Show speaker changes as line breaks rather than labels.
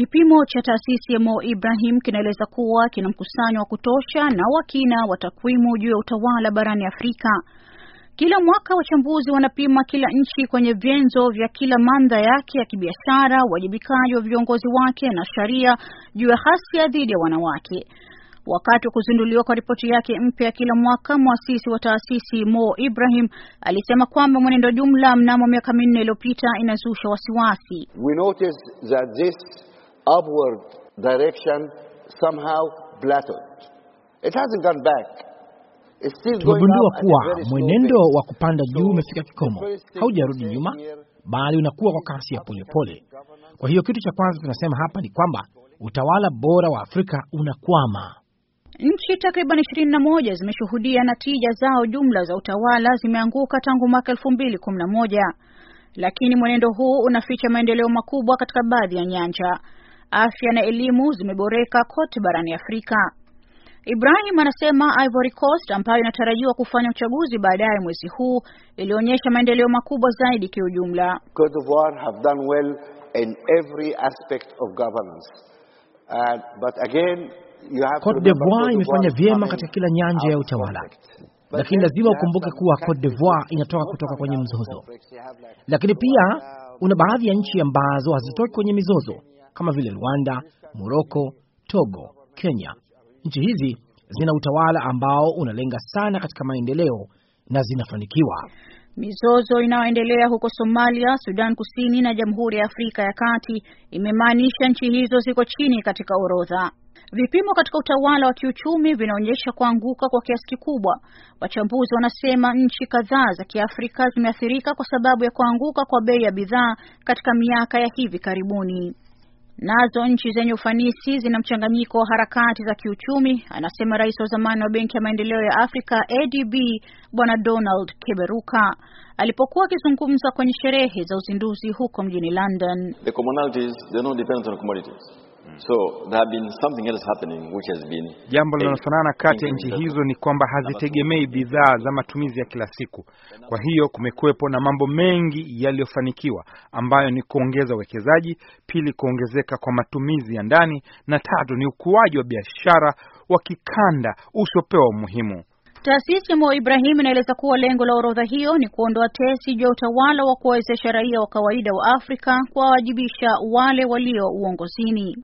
Kipimo cha taasisi ya Mo Ibrahim kinaeleza kuwa kina mkusanyo wa kutosha na wa kina wa takwimu juu ya utawala barani Afrika. Kila mwaka wachambuzi wanapima kila nchi kwenye vyenzo vya kila manda yake ya kibiashara, uwajibikaji wa viongozi wake na sheria juu ya ghasia dhidi ya wanawake. Wakati wa kuzinduliwa kwa ripoti yake mpya kila mwaka, mwasisi wa taasisi Mo Ibrahim alisema kwamba mwenendo jumla mnamo miaka minne iliyopita inazusha wasiwasi.
We notice that this upward direction somehow plateaued. It hasn't gone back. Tumegundua kuwa
mwenendo wa kupanda juu umefika kikomo, haujarudi nyuma, bali unakuwa kwa kasi ya polepole. Kwa hiyo kitu cha kwanza tunasema hapa ni kwamba utawala bora wa Afrika unakwama.
Nchi takriban ishirini na moja zimeshuhudia na tija zao jumla za utawala zimeanguka tangu mwaka elfu mbili kumi na moja, lakini mwenendo huu unaficha maendeleo makubwa katika baadhi ya nyanja afya na elimu zimeboreka kote barani Afrika. Ibrahim anasema Ivory Coast ambayo inatarajiwa kufanya uchaguzi baadaye mwezi huu ilionyesha maendeleo makubwa zaidi kiujumla.
Cote d'Ivoire have done well in every aspect of governance. Uh, but again Cote d'Ivoire imefanya vyema katika
kila nyanja ya utawala, lakini lazima ukumbuke kuwa Cote d'Ivoire inatoka kutoka kwenye mzozo, lakini pia una baadhi ya nchi ambazo hazitoki kwenye mizozo kama vile Rwanda, Moroko, Togo, Kenya. Nchi hizi zina utawala ambao unalenga sana katika maendeleo na zinafanikiwa.
Mizozo inayoendelea huko Somalia, Sudan Kusini na Jamhuri ya Afrika ya Kati imemaanisha nchi hizo ziko chini katika orodha. Vipimo katika utawala wa kiuchumi vinaonyesha kuanguka kwa kiasi kikubwa. Wachambuzi wanasema nchi kadhaa za Kiafrika zimeathirika kwa sababu ya kuanguka kwa bei ya bidhaa katika miaka ya hivi karibuni. Nazo nchi zenye ufanisi zina mchanganyiko wa harakati za kiuchumi, anasema rais wa zamani wa Benki ya Maendeleo ya Afrika ADB Bwana Donald Keberuka alipokuwa akizungumza kwenye sherehe za uzinduzi huko mjini London.
The commonalities they don't depend on commodities. Hmm. So, there have been something else happening which has been jambo linalofanana
kati ya nchi hizo ni kwamba hazitegemei bidhaa za matumizi ya kila siku. Kwa hiyo kumekuwepo na mambo mengi yaliyofanikiwa ambayo ni kuongeza uwekezaji, pili kuongezeka kwa matumizi ya ndani, na tatu ni ukuaji wa biashara wa kikanda usiopewa umuhimu.
Taasisi ya Mo Ibrahim inaeleza kuwa lengo la orodha hiyo ni kuondoa tesi juu ya utawala wa kuwawezesha raia wa kawaida wa Afrika kuwawajibisha wale walio uongozini.